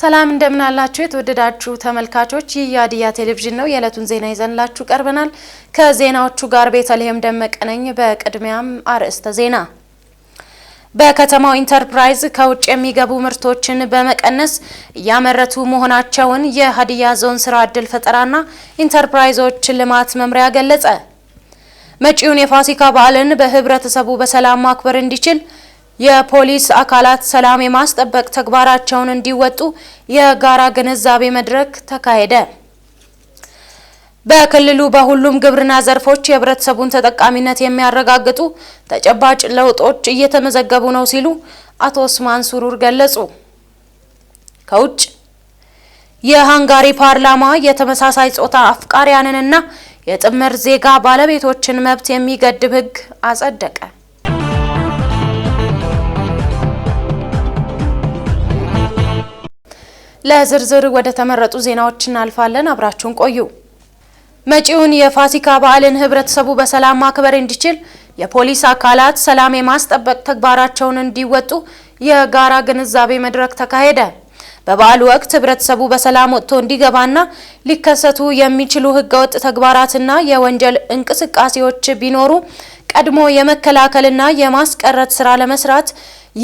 ሰላም እንደምናላችሁ የተወደዳችሁ ተመልካቾች፣ ይህ የሀዲያ ቴሌቪዥን ነው። የዕለቱን ዜና ይዘንላችሁ ቀርበናል። ከዜናዎቹ ጋር ቤተልሔም ደመቀ ነኝ። በቅድሚያም አርዕስተ ዜና በከተማው ኢንተርፕራይዝ ከውጭ የሚገቡ ምርቶችን በመቀነስ እያመረቱ መሆናቸውን የሀዲያ ዞን ስራ ዕድል ፈጠራና ኢንተርፕራይዞች ልማት መምሪያ ገለጸ። መጪውን የፋሲካ በዓልን በህብረተሰቡ በሰላም ማክበር እንዲችል የፖሊስ አካላት ሰላም የማስጠበቅ ተግባራቸውን እንዲወጡ የጋራ ግንዛቤ መድረክ ተካሄደ። በክልሉ በሁሉም ግብርና ዘርፎች የህብረተሰቡን ተጠቃሚነት የሚያረጋግጡ ተጨባጭ ለውጦች እየተመዘገቡ ነው ሲሉ አቶ ኡስማን ሱሩር ገለጹ። ከውጭ የሃንጋሪ ፓርላማ የተመሳሳይ ጾታ አፍቃሪያንንና የጥምር ዜጋ ባለቤቶችን መብት የሚገድብ ህግ አጸደቀ። ለዝርዝር ወደ ተመረጡ ዜናዎች እናልፋለን። አብራችሁን ቆዩ። መጪውን የፋሲካ በዓልን ህብረተሰቡ በሰላም ማክበር እንዲችል የፖሊስ አካላት ሰላም የማስጠበቅ ተግባራቸውን እንዲወጡ የጋራ ግንዛቤ መድረክ ተካሄደ። በበዓሉ ወቅት ህብረተሰቡ በሰላም ወጥቶ እንዲገባና ሊከሰቱ የሚችሉ ህገወጥ ተግባራትና የወንጀል እንቅስቃሴዎች ቢኖሩ ቀድሞ የመከላከልና የማስቀረት ስራ ለመስራት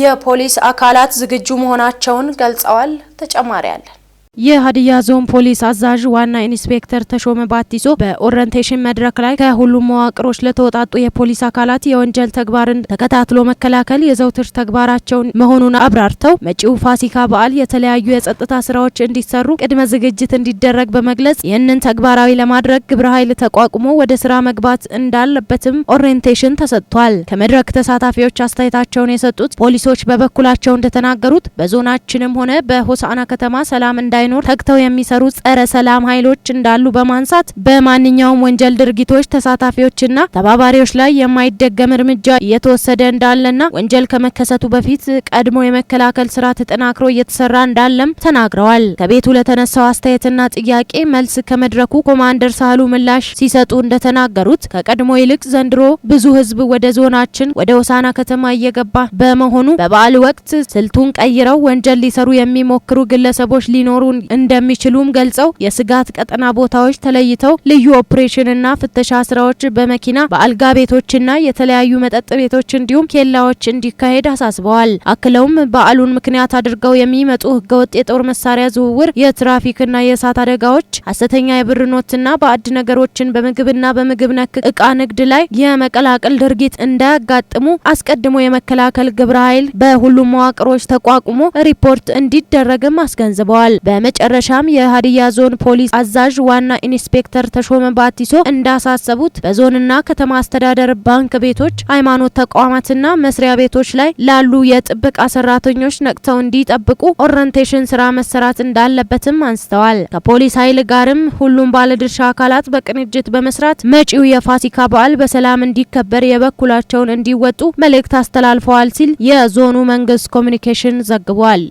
የፖሊስ አካላት ዝግጁ መሆናቸውን ገልጸዋል። ተጨማሪ አለን። የሀዲያ ዞን ፖሊስ አዛዥ ዋና ኢንስፔክተር ተሾመ ባቲሶ በኦሪንቴሽን መድረክ ላይ ከሁሉም መዋቅሮች ለተወጣጡ የፖሊስ አካላት የወንጀል ተግባርን ተከታትሎ መከላከል የዘውትር ተግባራቸውን መሆኑን አብራርተው መጪው ፋሲካ በዓል የተለያዩ የጸጥታ ስራዎች እንዲሰሩ ቅድመ ዝግጅት እንዲደረግ በመግለጽ ይህንን ተግባራዊ ለማድረግ ግብረ ኃይል ተቋቁሞ ወደ ስራ መግባት እንዳለበትም ኦሪንቴሽን ተሰጥቷል። ከመድረክ ተሳታፊዎች አስተያየታቸውን የሰጡት ፖሊሶች በበኩላቸው እንደተናገሩት በዞናችንም ሆነ በሆሳና ከተማ ሰላም እንዳ እንዳይኖር ተግተው የሚሰሩ ጸረ ሰላም ኃይሎች እንዳሉ በማንሳት በማንኛውም ወንጀል ድርጊቶች ተሳታፊዎችና ተባባሪዎች ላይ የማይደገም እርምጃ እየተወሰደ እንዳለና ወንጀል ከመከሰቱ በፊት ቀድሞ የመከላከል ስራ ተጠናክሮ እየተሰራ እንዳለም ተናግረዋል። ከቤቱ ለተነሳው አስተያየትና ጥያቄ መልስ ከመድረኩ ኮማንደር ሳህሉ ምላሽ ሲሰጡ እንደተናገሩት ከቀድሞ ይልቅ ዘንድሮ ብዙ ህዝብ ወደ ዞናችን ወደ ሆሳና ከተማ እየገባ በመሆኑ በበዓል ወቅት ስልቱን ቀይረው ወንጀል ሊሰሩ የሚሞክሩ ግለሰቦች ሊኖሩ ሊሆን እንደሚችሉም ገልጸው የስጋት ቀጠና ቦታዎች ተለይተው ልዩ ኦፕሬሽንና ፍተሻ ስራዎች በመኪና በአልጋ ቤቶችና የተለያዩ መጠጥ ቤቶች እንዲሁም ኬላዎች እንዲካሄድ አሳስበዋል። አክለውም በዓሉን ምክንያት አድርገው የሚመጡ ህገወጥ የጦር መሳሪያ ዝውውር፣ የትራፊክና የእሳት አደጋዎች፣ ሀሰተኛ የብር ኖትና በአድ ነገሮችን በምግብና በምግብ ነክ እቃ ንግድ ላይ የመቀላቀል ድርጊት እንዳያጋጥሙ አስቀድሞ የመከላከል ግብረ ኃይል በሁሉም መዋቅሮች ተቋቁሞ ሪፖርት እንዲደረግም አስገንዝበዋል። በመጨረሻም የሀዲያ ዞን ፖሊስ አዛዥ ዋና ኢንስፔክተር ተሾመ ባቲሶ እንዳሳሰቡት በዞንና ከተማ አስተዳደር ባንክ ቤቶች፣ ሃይማኖት ተቋማትና መስሪያ ቤቶች ላይ ላሉ የጥበቃ ሰራተኞች ነቅተው እንዲጠብቁ ኦሪንቴሽን ስራ መሰራት እንዳለበትም አንስተዋል። ከፖሊስ ኃይል ጋርም ሁሉም ባለድርሻ አካላት በቅንጅት በመስራት መጪው የፋሲካ በዓል በሰላም እንዲከበር የበኩላቸውን እንዲወጡ መልእክት አስተላልፈዋል ሲል የዞኑ መንግስት ኮሚኒኬሽን ዘግቧል።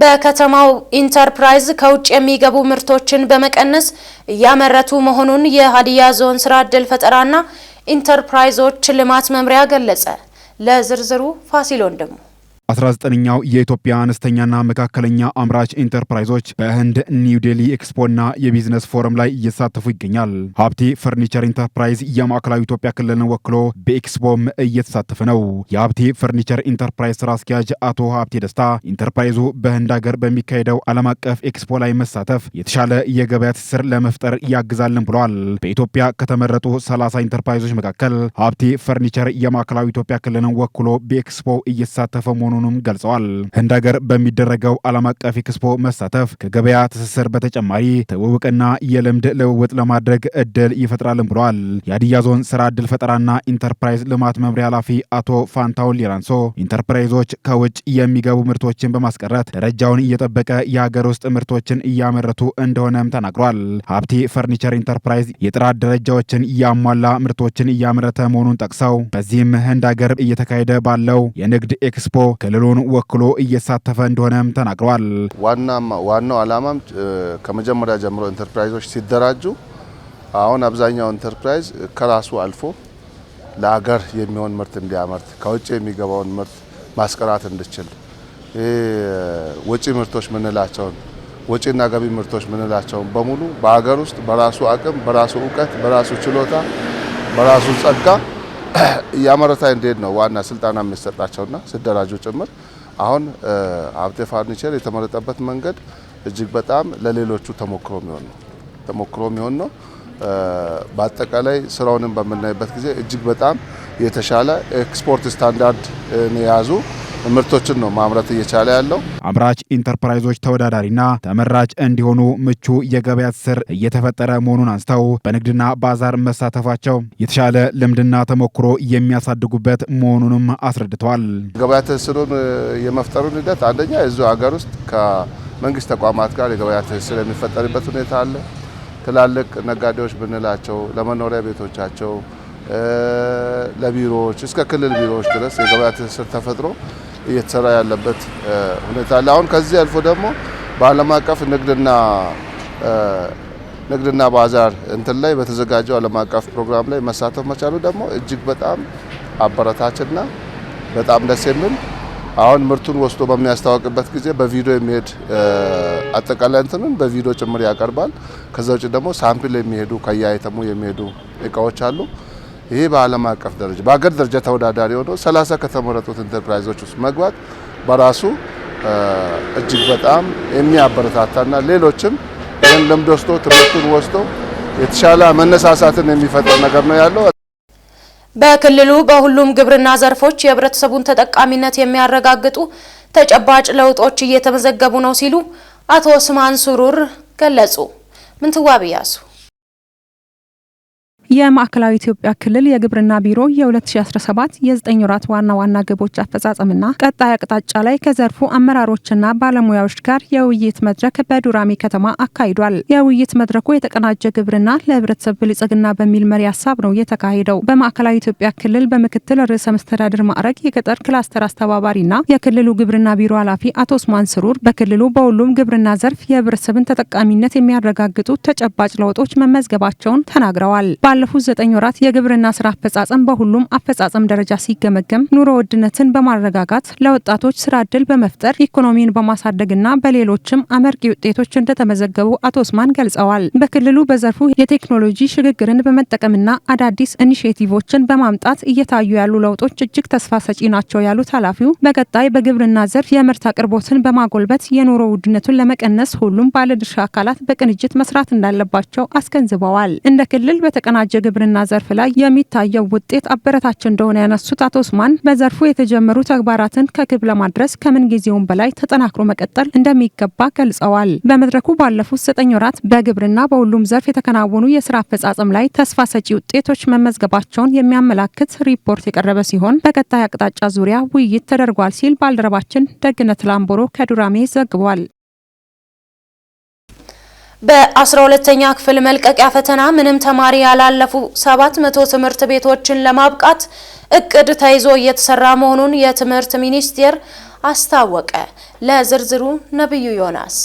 በከተማው ኢንተርፕራይዝ ከውጭ የሚገቡ ምርቶችን በመቀነስ እያመረቱ መሆኑን የሀዲያ ዞን ስራ ዕድል ፈጠራና ኢንተርፕራይዞች ልማት መምሪያ ገለጸ። ለዝርዝሩ ፋሲል ወንድሙ 19ኛው የኢትዮጵያ አነስተኛና መካከለኛ አምራች ኢንተርፕራይዞች በህንድ ኒው ዴሊ ኤክስፖና የቢዝነስ ፎረም ላይ እየተሳተፉ ይገኛል። ሀብቴ ፈርኒቸር ኢንተርፕራይዝ የማዕከላዊ ኢትዮጵያ ክልልን ወክሎ በኤክስፖም እየተሳተፈ ነው። የሀብቴ ፈርኒቸር ኢንተርፕራይዝ ስራ አስኪያጅ አቶ ሀብቴ ደስታ ኢንተርፕራይዙ በህንድ ሀገር በሚካሄደው ዓለም አቀፍ ኤክስፖ ላይ መሳተፍ የተሻለ የገበያ ትስስር ለመፍጠር ያግዛልን ብለዋል። በኢትዮጵያ ከተመረጡ 30 ኢንተርፕራይዞች መካከል ሀብቴ ፈርኒቸር የማዕከላዊ ኢትዮጵያ ክልልን ወክሎ በኤክስፖ እየተሳተፈ መሆኑን መሆኑንም ገልጸዋል። ህንድ ሀገር በሚደረገው ዓለም አቀፍ ኤክስፖ መሳተፍ ከገበያ ትስስር በተጨማሪ ትውውቅና የልምድ ልውውጥ ለማድረግ እድል ይፈጥራልም ብሏል። የሀዲያ ዞን ስራ እድል ፈጠራና ኢንተርፕራይዝ ልማት መምሪያ ኃላፊ አቶ ፋንታውን ሊራንሶ ኢንተርፕራይዞች ከውጭ የሚገቡ ምርቶችን በማስቀረት ደረጃውን እየጠበቀ የሀገር ውስጥ ምርቶችን እያመረቱ እንደሆነም ተናግሯል። ሀብቴ ፈርኒቸር ኢንተርፕራይዝ የጥራት ደረጃዎችን እያሟላ ምርቶችን እያመረተ መሆኑን ጠቅሰው በዚህም ህንድ ሀገር እየተካሄደ ባለው የንግድ ኤክስፖ ክልሉን ወክሎ እየተሳተፈ እንደሆነም ተናግረዋል። ዋናው ዓላማም ከመጀመሪያ ጀምሮ ኢንተርፕራይዞች ሲደራጁ አሁን አብዛኛው ኢንተርፕራይዝ ከራሱ አልፎ ለሀገር የሚሆን ምርት እንዲያመርት ከውጭ የሚገባውን ምርት ማስቀራት እንዲችል ወጪ ምርቶች ምንላቸውን ወጪና ገቢ ምርቶች ምንላቸውን በሙሉ በሀገር ውስጥ በራሱ አቅም፣ በራሱ እውቀት፣ በራሱ ችሎታ፣ በራሱ ጸጋ የአመረታ እንዴት ነው ዋና ስልጠና የሚሰጣቸውና ሲደራጁ ጭምር አሁን ሀብቴ ፋርኒቸር የተመረጠበት መንገድ እጅግ በጣም ለሌሎቹ ተሞክሮ የሚሆን ነው ተሞክሮ የሚሆን ነው። በአጠቃላይ ስራውንም በምናይበት ጊዜ እጅግ በጣም የተሻለ ኤክስፖርት ስታንዳርድ የያዙ ምርቶችን ነው ማምረት እየቻለ ያለው። አምራች ኢንተርፕራይዞች ተወዳዳሪና ተመራጭ እንዲሆኑ ምቹ የገበያ ትስስር እየተፈጠረ መሆኑን አንስተው በንግድና ባዛር መሳተፋቸው የተሻለ ልምድና ተሞክሮ የሚያሳድጉበት መሆኑንም አስረድተዋል። ገበያ ትስስሩን የመፍጠሩን ሂደት አንደኛ እዚሁ ሀገር ውስጥ ከመንግስት ተቋማት ጋር የገበያ ትስስር የሚፈጠርበት ሁኔታ አለ። ትላልቅ ነጋዴዎች ብንላቸው ለመኖሪያ ቤቶቻቸው ለቢሮዎች እስከ ክልል ቢሮዎች ድረስ የገበያ ትስስር ተፈጥሮ እየተሰራ ያለበት ሁኔታ አለ። አሁን ከዚህ አልፎ ደግሞ በዓለም አቀፍ ንግድና ንግድና ባዛር እንትን ላይ በተዘጋጀው ዓለም አቀፍ ፕሮግራም ላይ መሳተፍ መቻሉ ደግሞ እጅግ በጣም አበረታችና በጣም ደስ የሚል አሁን ምርቱን ወስዶ በሚያስተዋውቅበት ጊዜ በቪዲዮ የሚሄድ አጠቃላይ እንትንን በቪዲዮ ጭምር ያቀርባል። ከዛ ውጭ ደግሞ ሳምፕል የሚሄዱ ከየአይተሙ የሚሄዱ እቃዎች አሉ። ይህ በዓለም አቀፍ ደረጃ በሀገር ደረጃ ተወዳዳሪ ሆኖ 30 ከተመረጡት ኢንተርፕራይዞች ውስጥ መግባት በራሱ እጅግ በጣም የሚያበረታታና ሌሎችም ይህን ልምድ ወስዶ ትምህርቱን ወስዶ የተሻለ መነሳሳትን የሚፈጥር ነገር ነው ያለው። በክልሉ በሁሉም ግብርና ዘርፎች የህብረተሰቡን ተጠቃሚነት የሚያረጋግጡ ተጨባጭ ለውጦች እየተመዘገቡ ነው ሲሉ አቶ ስማን ሱሩር ገለጹ። ምንትዋብ ያሱ የማዕከላዊ ኢትዮጵያ ክልል የግብርና ቢሮ የ2017 የ9 ወራት ዋና ዋና ግቦች አፈጻጸምና ቀጣይ አቅጣጫ ላይ ከዘርፉ አመራሮችና ባለሙያዎች ጋር የውይይት መድረክ በዱራሜ ከተማ አካሂዷል። የውይይት መድረኩ የተቀናጀ ግብርና ለህብረተሰብ ብልጽግና በሚል መሪ ሀሳብ ነው የተካሄደው። በማዕከላዊ ኢትዮጵያ ክልል በምክትል ርዕሰ መስተዳድር ማዕረግ የገጠር ክላስተር አስተባባሪና የክልሉ ግብርና ቢሮ ኃላፊ አቶ ኡስማን ስሩር በክልሉ በሁሉም ግብርና ዘርፍ የህብረተሰብን ተጠቃሚነት የሚያረጋግጡ ተጨባጭ ለውጦች መመዝገባቸውን ተናግረዋል። ባለፉት ዘጠኝ ወራት የግብርና ስራ አፈጻጸም በሁሉም አፈጻጸም ደረጃ ሲገመገም ኑሮ ውድነትን በማረጋጋት ለወጣቶች ስራ እድል በመፍጠር ኢኮኖሚን በማሳደግና በሌሎችም አመርቂ ውጤቶች እንደተመዘገቡ አቶ ኡስማን ገልጸዋል። በክልሉ በዘርፉ የቴክኖሎጂ ሽግግርን በመጠቀምና አዳዲስ ኢኒሽቲቮችን በማምጣት እየታዩ ያሉ ለውጦች እጅግ ተስፋ ሰጪ ናቸው ያሉት ኃላፊው በቀጣይ በግብርና ዘርፍ የምርት አቅርቦትን በማጎልበት የኑሮ ውድነቱን ለመቀነስ ሁሉም ባለድርሻ አካላት በቅንጅት መስራት እንዳለባቸው አስገንዝበዋል። እንደ ክልል በተቀናጀ በተደራጀ ግብርና ዘርፍ ላይ የሚታየው ውጤት አበረታች እንደሆነ ያነሱት አቶ ኡስማን በዘርፉ የተጀመሩ ተግባራትን ከግብ ለማድረስ ከምን በላይ ተጠናክሮ መቀጠል እንደሚገባ ገልጸዋል። በመድረኩ ባለፉት ዘጠኝ ወራት በግብርና በሁሉም ዘርፍ የተከናወኑ የስራ አፈጻጸም ላይ ተስፋ ሰጪ ውጤቶች መመዝገባቸውን የሚያመላክት ሪፖርት የቀረበ ሲሆን በቀጣይ አቅጣጫ ዙሪያ ውይይት ተደርጓል ሲል ባልደረባችን ደግነት ላምቦሮ ከዱራሜ ዘግቧል። በ12ኛ ክፍል መልቀቂያ ፈተና ምንም ተማሪ ያላለፉ 700 ትምህርት ቤቶችን ለማብቃት እቅድ ተይዞ እየተሰራ መሆኑን የትምህርት ሚኒስቴር አስታወቀ። ለዝርዝሩ ነብዩ ዮናስ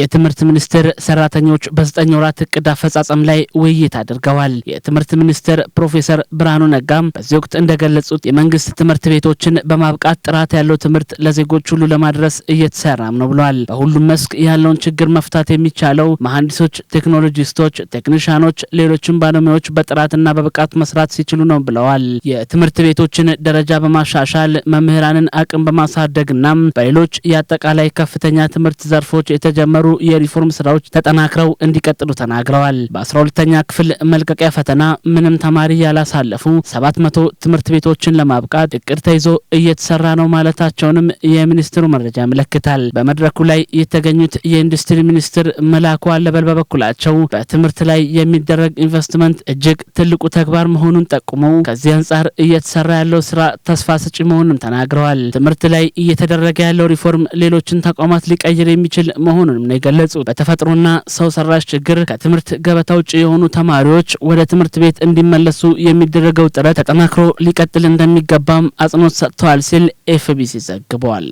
የትምህርት ሚኒስቴር ሰራተኞች በዘጠኝ ወራት እቅድ አፈጻጸም ላይ ውይይት አድርገዋል። የትምህርት ሚኒስቴር ፕሮፌሰር ብርሃኑ ነጋም በዚህ ወቅት እንደገለጹት የመንግስት ትምህርት ቤቶችን በማብቃት ጥራት ያለው ትምህርት ለዜጎች ሁሉ ለማድረስ እየተሰራም ነው ብለዋል። በሁሉም መስክ ያለውን ችግር መፍታት የሚቻለው መሐንዲሶች፣ ቴክኖሎጂስቶች፣ ቴክኒሽያኖች ሌሎችም ባለሙያዎች በጥራትና በብቃት መስራት ሲችሉ ነው ብለዋል። የትምህርት ቤቶችን ደረጃ በማሻሻል መምህራንን አቅም በማሳደግና በሌሎች የአጠቃላይ ከፍተኛ ትምህርት ዘርፎች የተጀመሩ የተጀመሩ የሪፎርም ስራዎች ተጠናክረው እንዲቀጥሉ ተናግረዋል። በ12ተኛ ክፍል መልቀቂያ ፈተና ምንም ተማሪ ያላሳለፉ 700 ትምህርት ቤቶችን ለማብቃት እቅድ ተይዞ እየተሰራ ነው ማለታቸውንም የሚኒስትሩ መረጃ ያመለክታል። በመድረኩ ላይ የተገኙት የኢንዱስትሪ ሚኒስትር መላኩ አለበል በበኩላቸው በትምህርት ላይ የሚደረግ ኢንቨስትመንት እጅግ ትልቁ ተግባር መሆኑን ጠቁመው ከዚህ አንጻር እየተሰራ ያለው ስራ ተስፋ ሰጪ መሆኑን ተናግረዋል። ትምህርት ላይ እየተደረገ ያለው ሪፎርም ሌሎችን ተቋማት ሊቀይር የሚችል መሆኑንም ነው የገለጹት። በተፈጥሮና ሰው ሰራሽ ችግር ከትምህርት ገበታ ውጭ የሆኑ ተማሪዎች ወደ ትምህርት ቤት እንዲመለሱ የሚደረገው ጥረት ተጠናክሮ ሊቀጥል እንደሚገባም አጽንኦት ሰጥተዋል ሲል ኤፍቢሲ ዘግቧል።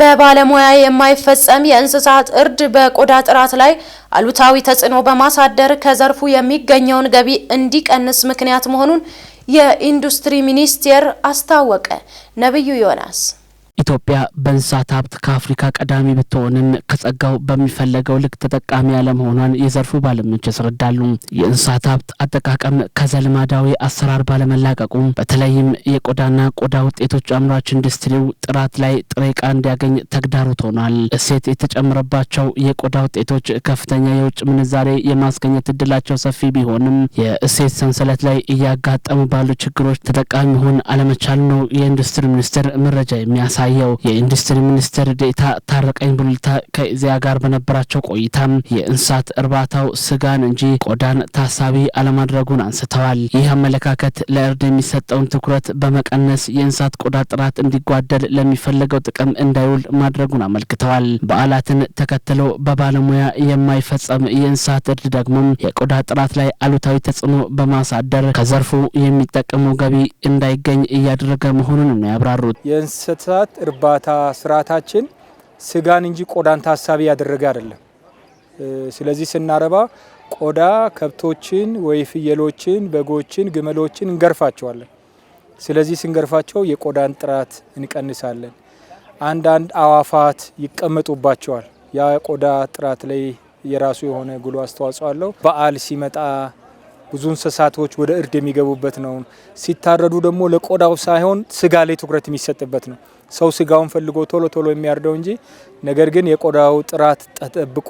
በባለሙያ የማይፈጸም የእንስሳት እርድ በቆዳ ጥራት ላይ አሉታዊ ተጽዕኖ በማሳደር ከዘርፉ የሚገኘውን ገቢ እንዲቀንስ ምክንያት መሆኑን የኢንዱስትሪ ሚኒስቴር አስታወቀ። ነብዩ ዮናስ ኢትዮጵያ በእንስሳት ሀብት ከአፍሪካ ቀዳሚ ብትሆንም ከጸጋው በሚፈለገው ልክ ተጠቃሚ ያለመሆኗን የዘርፉ ባለሙያዎች ያስረዳሉ። የእንስሳት ሀብት አጠቃቀም ከዘልማዳዊ አሰራር ባለመላቀቁም በተለይም የቆዳና ቆዳ ውጤቶች አምራች ኢንዱስትሪው ጥራት ላይ ጥሬ ዕቃ እንዲያገኝ ተግዳሮት ሆኗል። እሴት የተጨመረባቸው የቆዳ ውጤቶች ከፍተኛ የውጭ ምንዛሬ የማስገኘት እድላቸው ሰፊ ቢሆንም የእሴት ሰንሰለት ላይ እያጋጠሙ ባሉ ችግሮች ተጠቃሚ መሆን አለመቻል ነው የኢንዱስትሪ ሚኒስቴር መረጃ የሚያሳይ አለማየሁ የኢንዱስትሪ ሚኒስትር ዴኤታ ታረቀኝ ቡልታ ከዚያ ጋር በነበራቸው ቆይታም የእንስሳት እርባታው ስጋን እንጂ ቆዳን ታሳቢ አለማድረጉን አንስተዋል። ይህ አመለካከት ለእርድ የሚሰጠውን ትኩረት በመቀነስ የእንስሳት ቆዳ ጥራት እንዲጓደል ለሚፈለገው ጥቅም እንዳይውል ማድረጉን አመልክተዋል። በዓላትን ተከትሎ በባለሙያ የማይፈጸም የእንስሳት እርድ ደግሞም የቆዳ ጥራት ላይ አሉታዊ ተጽዕኖ በማሳደር ከዘርፉ የሚጠቀመው ገቢ እንዳይገኝ እያደረገ መሆኑን ነው ያብራሩት። የእንስሳት እርባታ ስርዓታችን ስጋን እንጂ ቆዳን ታሳቢ ያደረገ አይደለም። ስለዚህ ስናረባ ቆዳ ከብቶችን ወይ ፍየሎችን፣ በጎችን፣ ግመሎችን እንገርፋቸዋለን። ስለዚህ ስንገርፋቸው የቆዳን ጥራት እንቀንሳለን። አንዳንድ አዋፋት ይቀመጡባቸዋል። ያ ቆዳ ጥራት ላይ የራሱ የሆነ ጉሎ አስተዋጽኦ አለው። በዓል ሲመጣ ብዙ እንስሳቶች ወደ እርድ የሚገቡበት ነው። ሲታረዱ ደግሞ ለቆዳው ሳይሆን ስጋ ላይ ትኩረት የሚሰጥበት ነው። ሰው ስጋውን ፈልጎ ቶሎ ቶሎ የሚያርደው እንጂ ነገር ግን የቆዳው ጥራት ተጠብቆ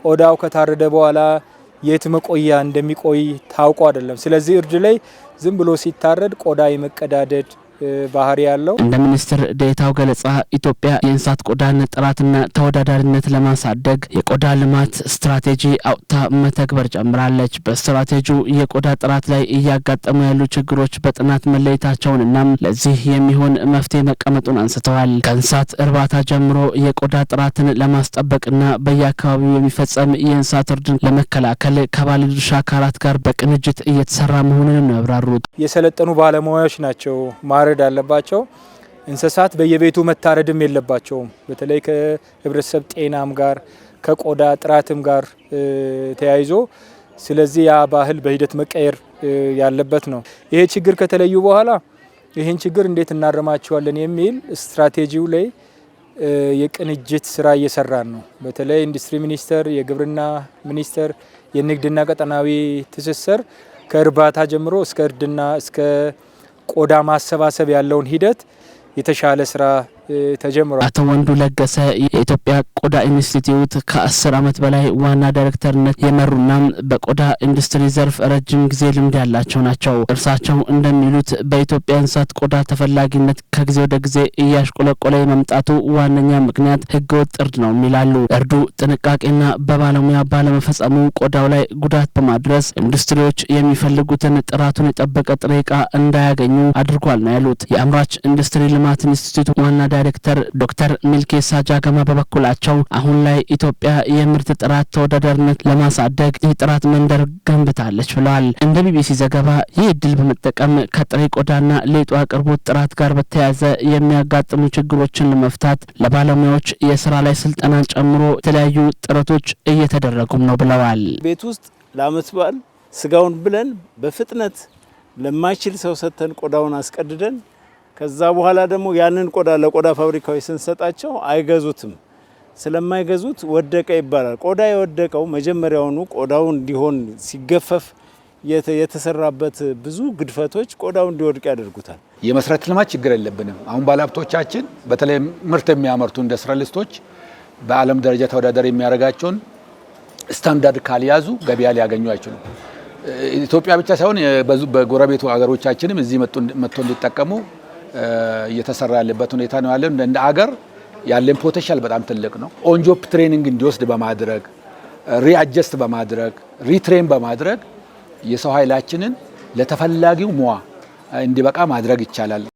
ቆዳው ከታረደ በኋላ የት መቆያ እንደሚቆይ ታውቆ አይደለም። ስለዚህ እርድ ላይ ዝም ብሎ ሲታረድ ቆዳ የመቀዳደድ ባህሪ ያለው። እንደ ሚኒስትር ዴታው ገለጻ ኢትዮጵያ የእንስሳት ቆዳን ጥራትና ተወዳዳሪነት ለማሳደግ የቆዳ ልማት ስትራቴጂ አውጥታ መተግበር ጨምራለች። በስትራቴጂው የቆዳ ጥራት ላይ እያጋጠሙ ያሉ ችግሮች በጥናት መለየታቸውን እናም ለዚህ የሚሆን መፍትሄ መቀመጡን አንስተዋል። ከእንስሳት እርባታ ጀምሮ የቆዳ ጥራትን ለማስጠበቅና በየአካባቢው የሚፈጸም የእንስሳት እርድን ለመከላከል ከባለድርሻ አካላት ጋር በቅንጅት እየተሰራ መሆኑንም ነው ያብራሩት። የሰለጠኑ ባለሙያዎች ናቸው መታረድ አለባቸው። እንስሳት በየቤቱ መታረድም የለባቸውም። በተለይ ከህብረተሰብ ጤናም ጋር ከቆዳ ጥራትም ጋር ተያይዞ ስለዚህ ያ ባህል በሂደት መቀየር ያለበት ነው። ይሄ ችግር ከተለዩ በኋላ ይህን ችግር እንዴት እናረማቸዋለን የሚል ስትራቴጂው ላይ የቅንጅት ስራ እየሰራን ነው። በተለይ ኢንዱስትሪ ሚኒስቴር፣ የግብርና ሚኒስቴር፣ የንግድና ቀጠናዊ ትስስር ከእርባታ ጀምሮ እስከ እርድና እስከ ቆዳ ማሰባሰብ ያለውን ሂደት የተሻለ ስራ ተጀምሯል። አቶ ወንዱ ለገሰ የኢትዮጵያ ቆዳ ኢንስቲትዩት ከአስር ዓመት በላይ ዋና ዳይሬክተርነት የመሩና በቆዳ ኢንዱስትሪ ዘርፍ ረጅም ጊዜ ልምድ ያላቸው ናቸው። እርሳቸው እንደሚሉት በኢትዮጵያ እንስሳት ቆዳ ተፈላጊነት ከጊዜ ወደ ጊዜ እያሽቆለቆለ የመምጣቱ ዋነኛ ምክንያት ህገወጥ እርድ ነው ይላሉ። እርዱ ጥንቃቄና በባለሙያ ባለመፈጸሙ ቆዳው ላይ ጉዳት በማድረስ ኢንዱስትሪዎች የሚፈልጉትን ጥራቱን የጠበቀ ጥሬ ዕቃ እንዳያገኙ አድርጓል ነው ያሉት። የአምራች ኢንዱስትሪ ልማት ኢንስቲትዩት ዋና ዳይሬክተር ዶክተር ሚልኬሳ ጃገማ በበኩላቸው አሁን ላይ ኢትዮጵያ የምርት ጥራት ተወዳዳሪነት ለማሳደግ የጥራት መንደር ገንብታለች ብለዋል። እንደ ቢቢሲ ዘገባ ይህ እድል በመጠቀም ከጥሬ ቆዳና ሌጦ አቅርቦት ጥራት ጋር በተያያዘ የሚያጋጥሙ ችግሮችን ለመፍታት ለባለሙያዎች የስራ ላይ ስልጠና ጨምሮ የተለያዩ ጥረቶች እየተደረጉም ነው ብለዋል። ቤት ውስጥ ለአመት በዓል ስጋውን ብለን በፍጥነት ለማይችል ሰው ሰጥተን ቆዳውን አስቀድደን ከዛ በኋላ ደግሞ ያንን ቆዳ ለቆዳ ፋብሪካዎች ስንሰጣቸው አይገዙትም። ስለማይገዙት ወደቀ ይባላል። ቆዳ የወደቀው መጀመሪያውኑ ቆዳው እንዲሆን ሲገፈፍ የተሰራበት ብዙ ግድፈቶች ቆዳው እንዲወድቅ ያደርጉታል። የመሰረተ ልማት ችግር የለብንም። አሁን ባለሀብቶቻችን በተለይ ምርት የሚያመርቱ ኢንዱስትሪያሊስቶች በዓለም ደረጃ ተወዳዳሪ የሚያደርጋቸውን ስታንዳርድ ካልያዙ ገበያ ሊያገኙ አይችሉም። ኢትዮጵያ ብቻ ሳይሆን በጎረቤቱ ሀገሮቻችንም እዚህ መጥቶ እንዲጠቀሙ እየተሰራ ያለበት ሁኔታ ነው ያለን። እንደ አገር ያለን ፖቴንሻል በጣም ትልቅ ነው። ኦንጆፕ ትሬኒንግ እንዲወስድ በማድረግ ሪአጀስት በማድረግ ሪትሬን በማድረግ የሰው ኃይላችንን ለተፈላጊው ሙያ እንዲበቃ ማድረግ ይቻላል።